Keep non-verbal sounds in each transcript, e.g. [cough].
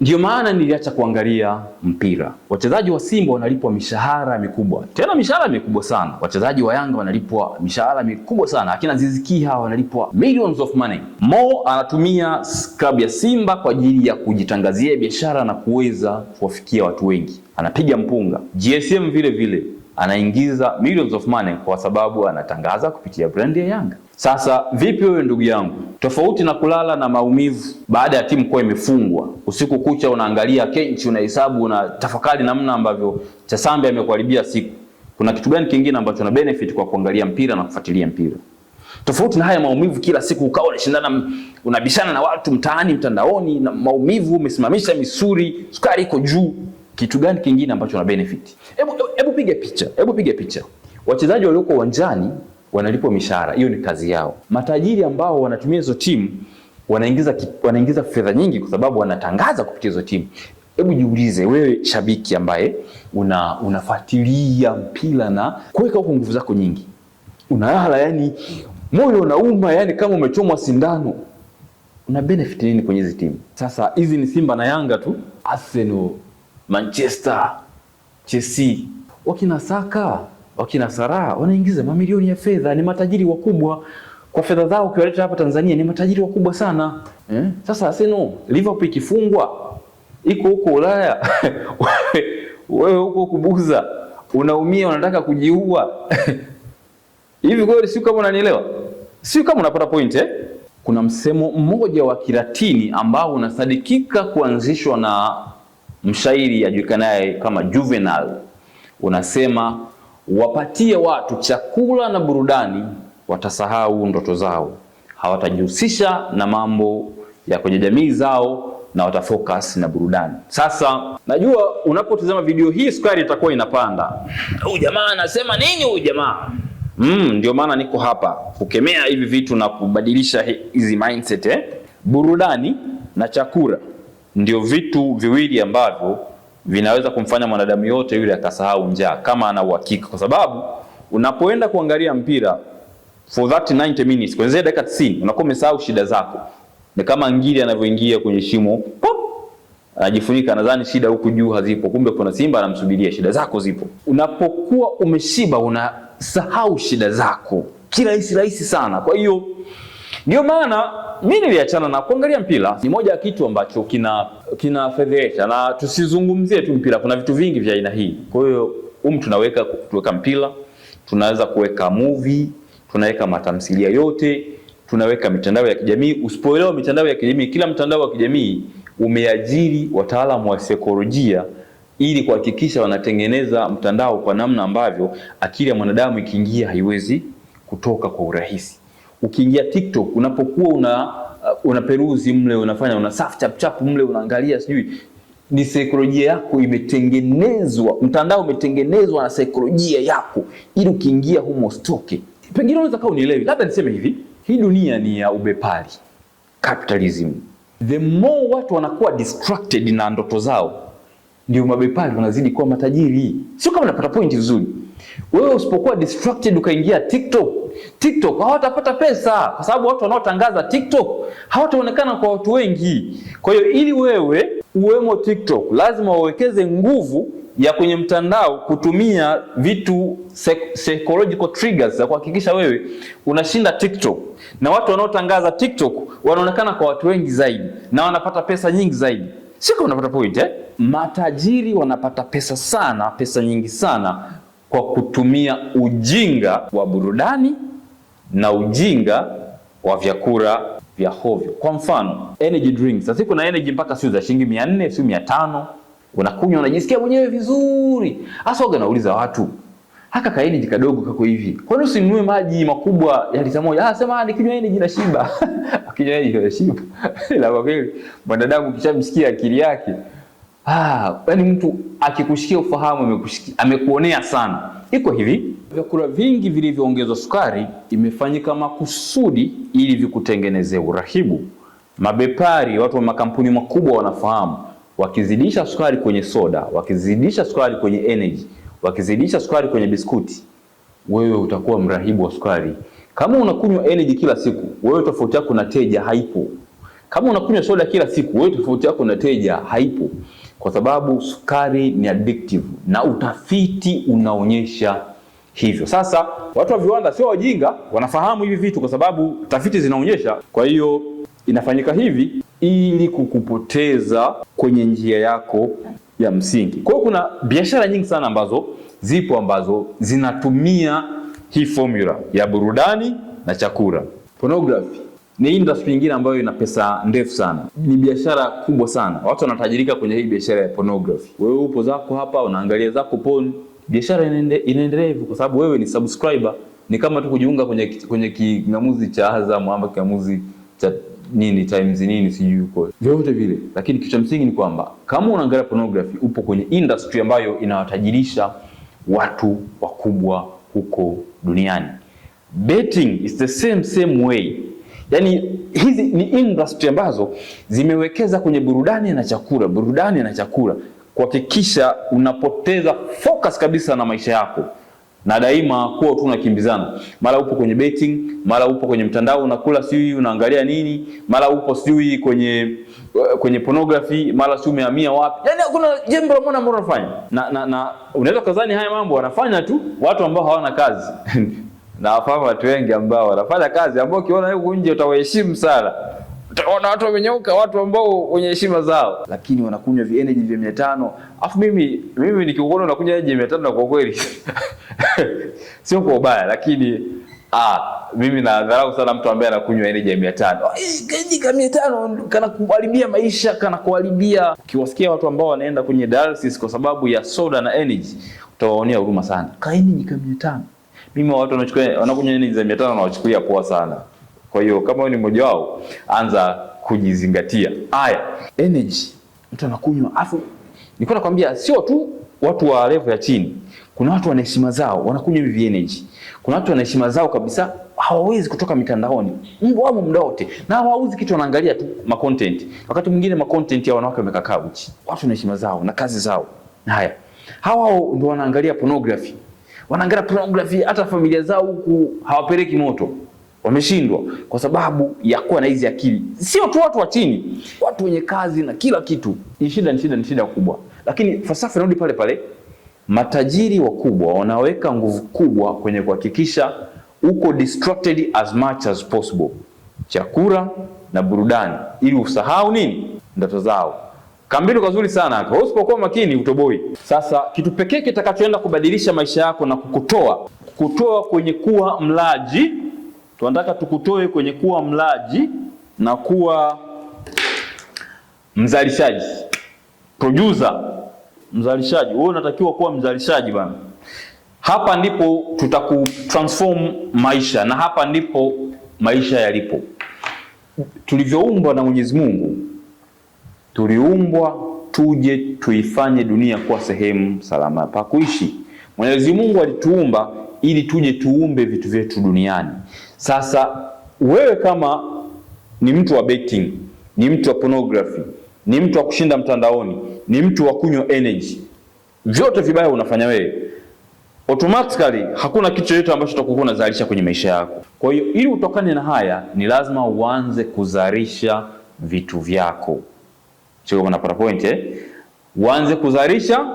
ndio maana niliacha kuangalia mpira. Wachezaji wa Simba wanalipwa mishahara mikubwa, tena mishahara mikubwa sana. Wachezaji wa Yanga wanalipwa mishahara mikubwa sana, akina Ziziki hawa wanalipwa millions of money. Mo anatumia klabu ya Simba kwa ajili ya kujitangazia biashara na kuweza kuwafikia watu wengi, anapiga mpunga. GSM vile vile anaingiza millions of money kwa sababu anatangaza kupitia brand ya Yanga. Sasa vipi wewe ndugu yangu, tofauti na kulala na maumivu baada ya timu kuwa imefungwa. Usiku kucha unaangalia kenchi, unahesabu, na tafakari namna ambavyo Chasambi amekuharibia siku. Kuna kitu gani kingine ambacho na benefit kwa kuangalia mpira na kufuatilia mpira? Tofauti na haya maumivu, kila siku ukawa unashindana, unabishana na watu mtaani, mtandaoni, na maumivu, umesimamisha misuli, sukari iko juu. Kitu gani kingine ambacho na benefit? Hebu hebu piga picha, hebu piga picha wachezaji walioko uwanjani wanalipwa mishahara, hiyo ni kazi yao. Matajiri ambao wanatumia hizo timu wanaingiza, wanaingiza fedha nyingi kwa sababu wanatangaza kupitia hizo timu. Hebu jiulize wewe shabiki ambaye una, unafuatilia mpira na kuweka huko nguvu zako nyingi, unalala yani moyo unauma yani kama umechomwa sindano. Una benefit nini kwenye hizi timu? Sasa hizi ni Simba na Yanga tu, Arsenal, Manchester, Chelsea, wakina Saka wakina Saraha wanaingiza mamilioni ya fedha, ni matajiri wakubwa kwa fedha zao, ukiwaleta hapa Tanzania ni matajiri wakubwa sana eh? Sasa Arsenal, Liverpool ikifungwa iko huko Ulaya [laughs] wewe huko kubuza unaumia, unataka kujiua [laughs] hivi kweli? Sio kama unanielewa, sio kama unapata point eh? Kuna msemo mmoja wa Kilatini ambao unasadikika kuanzishwa na mshairi ajulikanaye kama Juvenal, unasema wapatie watu chakula na burudani, watasahau ndoto zao, hawatajihusisha na mambo ya kwenye jamii zao na watafocus na burudani. Sasa najua unapotizama video hii sukari itakuwa inapanda. Huyu jamaa anasema nini huyu jamaa? Mm, ndio maana niko hapa kukemea hivi vitu na kubadilisha hizi mindset eh. Burudani na chakula ndio vitu viwili ambavyo vinaweza kumfanya mwanadamu yote yule akasahau njaa kama ana uhakika, kwa sababu unapoenda kuangalia mpira for that 90 minutes, kwanzia dakika 90 unakuwa umesahau shida zako. Ni kama ngiri anavyoingia kwenye shimo pop, anajifunika, nadhani shida huku juu hazipo, kumbe kuna simba anamsubiria. Shida zako zipo. Unapokuwa umeshiba, unasahau shida zako kirahisi rahisi sana, kwa hiyo ndio maana mi niliachana na kuangalia mpira. Ni moja ya kitu ambacho kina kinafedhehesha, na tusizungumzie tu mpira, kuna vitu vingi vya aina hii. Kwa hiyo um, tunaweka tuweka mpira, tunaweza kuweka movie, tunaweka matamsilia yote, tunaweka mitandao ya kijamii. Usipoelewa mitandao ya kijamii, kila mtandao wa kijamii umeajiri wataalamu wa saikolojia ili kuhakikisha wanatengeneza mtandao kwa namna ambavyo akili ya mwanadamu ikiingia haiwezi kutoka kwa urahisi ukiingia TikTok unapokuwa una uh, unaperuzi mle unafanya una surf chap chap mle unaangalia sijui ni saikolojia yako imetengenezwa, mtandao umetengenezwa na saikolojia yako, ili ukiingia humo stoke. Pengine unaweza kaa unielewi, labda niseme hivi, hii dunia ni ya ubepari, capitalism. The more watu wanakuwa distracted na ndoto zao, ndio mabepari wanazidi kuwa matajiri. Sio kama napata pointi nzuri. Wewe usipokuwa distracted ukaingia TikTok, TikTok hawatapata pesa, kwa sababu watu wanaotangaza TikTok hawataonekana kwa watu wengi. Kwa hiyo ili wewe uwemo TikTok, lazima wawekeze nguvu ya kwenye mtandao kutumia vitu psychological triggers za kuhakikisha wewe unashinda TikTok, na watu wanaotangaza TikTok wanaonekana kwa watu wengi zaidi na wanapata pesa nyingi zaidi. Siko unapata point eh? Matajiri wanapata pesa sana, pesa nyingi sana kwa kutumia ujinga wa burudani na ujinga wa vyakula vya hovyo. Kwa mfano energy drinks, sasa kuna energy mpaka sio za shilingi 400 sio 500, unakunywa unajisikia mwenyewe vizuri. Hasa waga nauliza watu haka ka energy kadogo kako hivi, kwa nini usinunue maji makubwa ya lita moja? Ah, sema nikinywa energy na shiba, [laughs] akinywa energy na shiba. [laughs] Ila kwa kweli mwanadamu kishamsikia akili yake ah, yani mtu akikushikia ufahamu amekushikia, amekuonea sana. Iko hivi, vyakula vingi vilivyoongezwa sukari imefanyika makusudi ili vikutengenezee urahibu. Mabepari, watu wa makampuni makubwa wanafahamu, wakizidisha sukari kwenye soda, wakizidisha sukari kwenye energy, wakizidisha sukari kwenye biskuti, wewe utakuwa mrahibu wa sukari. Kama unakunywa energy kila siku, wewe tofauti yako na teja haipo. Kama unakunywa soda kila siku, wewe tofauti yako na teja haipo kwa sababu sukari ni addictive na utafiti unaonyesha hivyo. Sasa watu wa viwanda sio wajinga, wanafahamu hivi vitu kwa sababu tafiti zinaonyesha. Kwa hiyo inafanyika hivi ili kukupoteza kwenye njia yako ya msingi. Kwa hiyo kuna biashara nyingi sana ambazo zipo ambazo zinatumia hii formula ya burudani na chakula. Pornography ni industry nyingine ambayo ina pesa ndefu sana, ni biashara kubwa sana, watu wanatajirika kwenye hii biashara ya pornography. Wewe upo zako hapa unaangalia zako porn, biashara inaendelea hivyo, kwa sababu wewe ni subscriber. Ni kama tu kujiunga kwenye kwenye king'amuzi cha Azam ama king'amuzi cha nini Times nini sijui uko vyovyote vile, lakini kitu cha msingi ni kwamba kama unaangalia pornography, upo kwenye industry ambayo inawatajirisha watu wakubwa huko duniani. Betting is the same same way Yani hizi ni industry ambazo zimewekeza kwenye burudani na chakula, burudani na chakula, kuhakikisha unapoteza focus kabisa na maisha yako na daima kuwa tu unakimbizana, mara upo kwenye betting, mara upo kwenye mtandao unakula, sijui unaangalia nini, mara upo sijui kwenye eh, kwenye pornography, mara sijui umehamia wapi. Yani kuna jambo la mwana ambalo unafanya na, na, na unaweza kadhani haya mambo wanafanya tu watu ambao hawana kazi [laughs] na wafahamu watu wengi ambao wanafanya kazi ambao ukiona huku nje utawaheshimu sana. Utaona watu wamenyauka, watu ambao wenye heshima zao, lakini wanakunywa vi energy vya tano. Afu mimi mimi nikikuona unakunywa energy tano, na kwa kweli [laughs] sio kwa ubaya, lakini ah, mimi na dharau sana mtu ambaye anakunywa energy ya 500. Energy ya 500 kana kuharibia maisha, kana kuharibia. Ukiwasikia watu ambao wanaenda kwenye dialysis kwa sababu ya soda na energy, utawaonea huruma sana. Kaeni nyika 500 mimi watu wanachukua wanakunywa nini za 500 na wanawachukulia poa sana. Kwa hiyo kama wewe ni mmoja wao, anza kujizingatia. Haya, energy mtu anakunywa, afu nilikuwa nakwambia sio tu watu wa level ya chini, kuna watu wana heshima zao wanakunywa hivi energy, kuna watu wana heshima zao kabisa hawawezi kutoka mitandaoni Mbwa wao muda wote, na hawauzi kitu, wanaangalia tu ma content. Wakati mwingine ma content ya wanawake wamekaa uchi, watu wana heshima zao na kazi zao. Haya, Hawa ndio wanaangalia pornography wanaangalia pornography, hata familia zao huku hawapeleki moto, wameshindwa kwa sababu ya kuwa na hizi akili. Sio tu watu wa chini, watu wenye kazi na kila kitu. Ni shida, ni shida, ni shida kubwa, lakini falsafa inarudi pale pale. Matajiri wakubwa wanaweka nguvu kubwa kwenye kuhakikisha uko distracted as much as possible, chakula na burudani, ili usahau nini, ndoto zao kambinu kazuri sana hapa. Wewe usipokuwa makini utoboi. Sasa kitu pekee kitakachoenda kubadilisha maisha yako na kukutoa, kutoa kwenye kuwa mlaji, tunataka tukutoe kwenye kuwa mlaji na kuwa mzalishaji. Producer, mzalishaji. Wewe unatakiwa kuwa mzalishaji bana. Hapa ndipo tutakutransform maisha na hapa ndipo maisha yalipo. Tulivyoumbwa na Mwenyezi Mungu tuliumbwa tuje tuifanye dunia kuwa sehemu salama pa kuishi. Mwenyezi Mungu alituumba ili tuje tuumbe vitu vyetu duniani. Sasa wewe kama ni mtu wa betting, ni mtu wa pornography, ni mtu wa kushinda mtandaoni, ni mtu wa kunywa energy, vyote vibaya unafanya wewe, automatically hakuna kitu chochote ambacho utakuwa unazalisha kwenye maisha yako. Kwa hiyo ili utokane na haya, ni lazima uanze kuzalisha vitu vyako. Sio kama napata eh? Uanze kuzalisha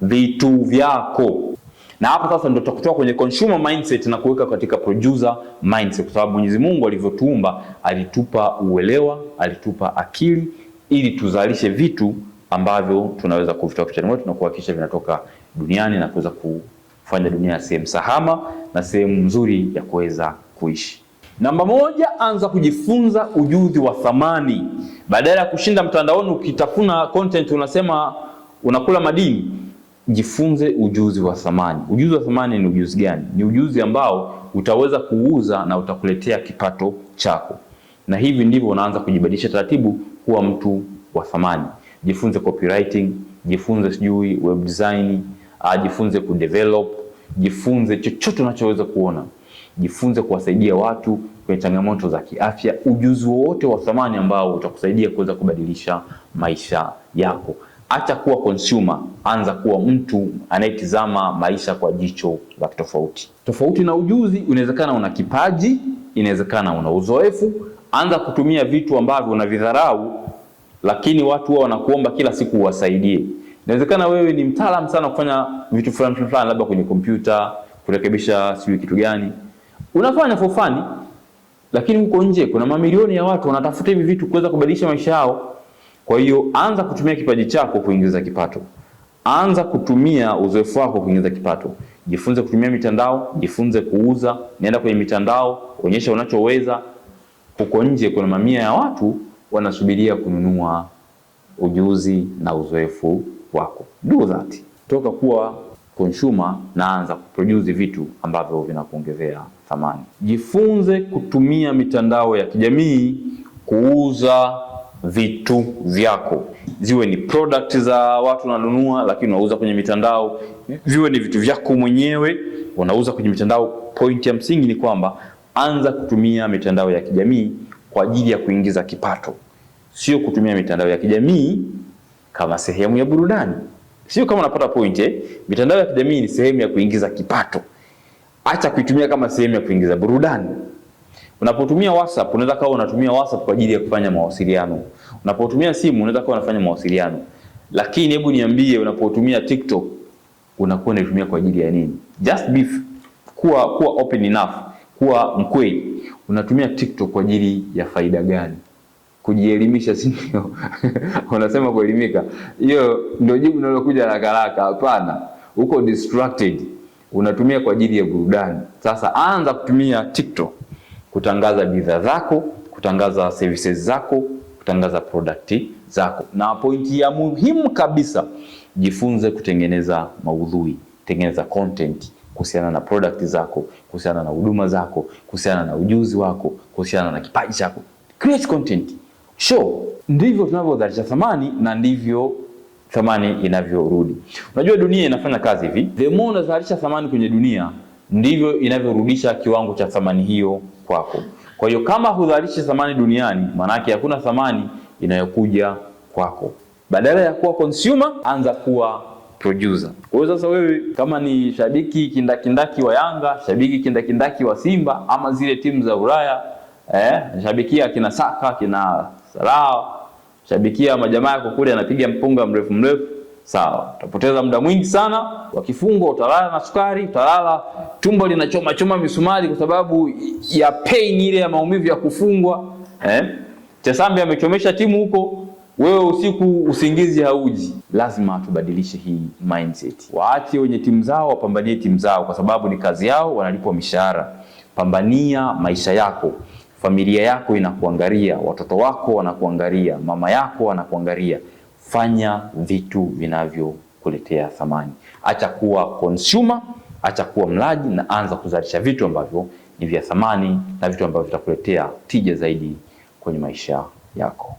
vitu vyako. Na hapa sasa ndio tutakutoa kwenye consumer mindset na kuweka katika producer mindset, kwa sababu Mwenyezi Mungu alivyotuumba alitupa uelewa, alitupa akili ili tuzalishe vitu ambavyo tunaweza kuvitoa kichwani mwetu na kuhakikisha vinatoka duniani na kuweza kufanya dunia sehemu salama na sehemu nzuri ya kuweza kuishi. Namba moja, anza kujifunza ujuzi wa thamani badala ya kushinda mtandaoni ukitafuna content unasema unakula madini. Jifunze ujuzi wa thamani. Ujuzi wa thamani ni ujuzi gani? Ni ujuzi ambao utaweza kuuza na utakuletea kipato chako, na hivi ndivyo unaanza kujibadilisha taratibu kuwa mtu wa thamani. Jifunze copywriting, jifunze sijui web design, jifunze kudevelop, jifunze chochote unachoweza kuona jifunze kuwasaidia watu kwenye changamoto za kiafya, ujuzi wowote wa thamani ambao utakusaidia kuweza kubadilisha maisha yako. Acha kuwa consumer, anza kuwa mtu anayetizama maisha kwa jicho la tofauti tofauti. Na ujuzi, inawezekana una kipaji, inawezekana una uzoefu. Anza kutumia vitu ambavyo unavidharau, lakini watu wao wanakuomba kila siku uwasaidie. Inawezekana wewe ni mtaalamu sana kufanya vitu fulani fulani, labda kwenye kompyuta kurekebisha sijui kitu gani Unafanya for fun, lakini huko nje kuna mamilioni ya watu wanatafuta hivi vitu kuweza kubadilisha maisha yao. Kwa hiyo anza kutumia kipaji chako kuingiza kipato. Anza kutumia uzoefu wako kuingiza kipato. Jifunze kutumia mitandao, jifunze kuuza, nenda kwenye mitandao, onyesha unachoweza. Huko nje kuna mamia ya watu wanasubiria kununua ujuzi na uzoefu wako. Do that. Toka kuwa consumer na anza kuproduce vitu ambavyo vinakuongezea thamani. Jifunze kutumia mitandao ya kijamii kuuza vitu vyako, ziwe ni product za watu unanunua, lakini unauza kwenye mitandao, viwe ni vitu vyako mwenyewe unauza kwenye mitandao. Point ya msingi ni kwamba anza kutumia mitandao ya kijamii kwa ajili ya kuingiza kipato, sio kutumia mitandao ya kijamii kama sehemu ya burudani. Sio kama unapata point eh? Mitandao ya kijamii ni sehemu ya kuingiza kipato acha kuitumia kama sehemu ya kuingiza burudani. Unapotumia WhatsApp unaweza kawa unatumia WhatsApp kwa ajili ya kufanya mawasiliano. Unapotumia simu unaweza kawa unafanya mawasiliano. Lakini hebu niambie, unapotumia TikTok unakuwa unaitumia kwa ajili ya nini? Just be kuwa, kuwa open enough, kuwa mkweli. Unatumia TikTok kwa ajili ya faida gani? Kujielimisha, si ndio? [laughs] Unasema kuelimika, hiyo ndio jibu linalokuja haraka haraka? Hapana, uko distracted unatumia kwa ajili ya burudani. Sasa anza kutumia TikTok kutangaza bidhaa zako, kutangaza services zako, kutangaza product zako. Na pointi ya muhimu kabisa, jifunze kutengeneza maudhui, tengeneza content kuhusiana na product zako, kuhusiana na huduma zako, kuhusiana na ujuzi wako, kuhusiana na kipaji chako. Create content. Show. Ndivyo tunavyodharisha thamani na ndivyo thamani inavyorudi. Unajua dunia inafanya kazi hivi, the more unazalisha thamani kwenye dunia ndivyo inavyorudisha kiwango cha thamani hiyo kwako. Kwa hiyo kama hudhalishi thamani duniani, maanake hakuna thamani inayokuja kwako. Badala ya kuwa consumer, anza kuwa producer. Kwa hiyo sasa wewe kama ni shabiki kindakindaki wa Yanga, shabiki kindakindaki wa Simba ama zile timu za Ulaya, eh, shabikia kina Saka, kina Salah shabikia majamaa yako kule anapiga mpunga mrefu mrefu, sawa, utapoteza muda mwingi sana. Wakifungwa utalala na sukari, utalala tumbo linachoma choma misumari kwa sababu ya pain ile ya maumivu ya kufungwa eh. Chasambi amechomesha timu huko, wewe usiku usingizi hauji. Lazima tubadilishe hii mindset. Waache wenye timu zao wapambanie timu zao, kwa sababu ni kazi yao, wanalipwa mishahara. Pambania maisha yako familia yako inakuangalia, watoto wako wanakuangalia, mama yako anakuangalia. Fanya vitu vinavyokuletea thamani. Acha kuwa consumer, acha kuwa mlaji, na anza kuzalisha vitu ambavyo ni vya thamani na vitu ambavyo vitakuletea tija zaidi kwenye maisha yako.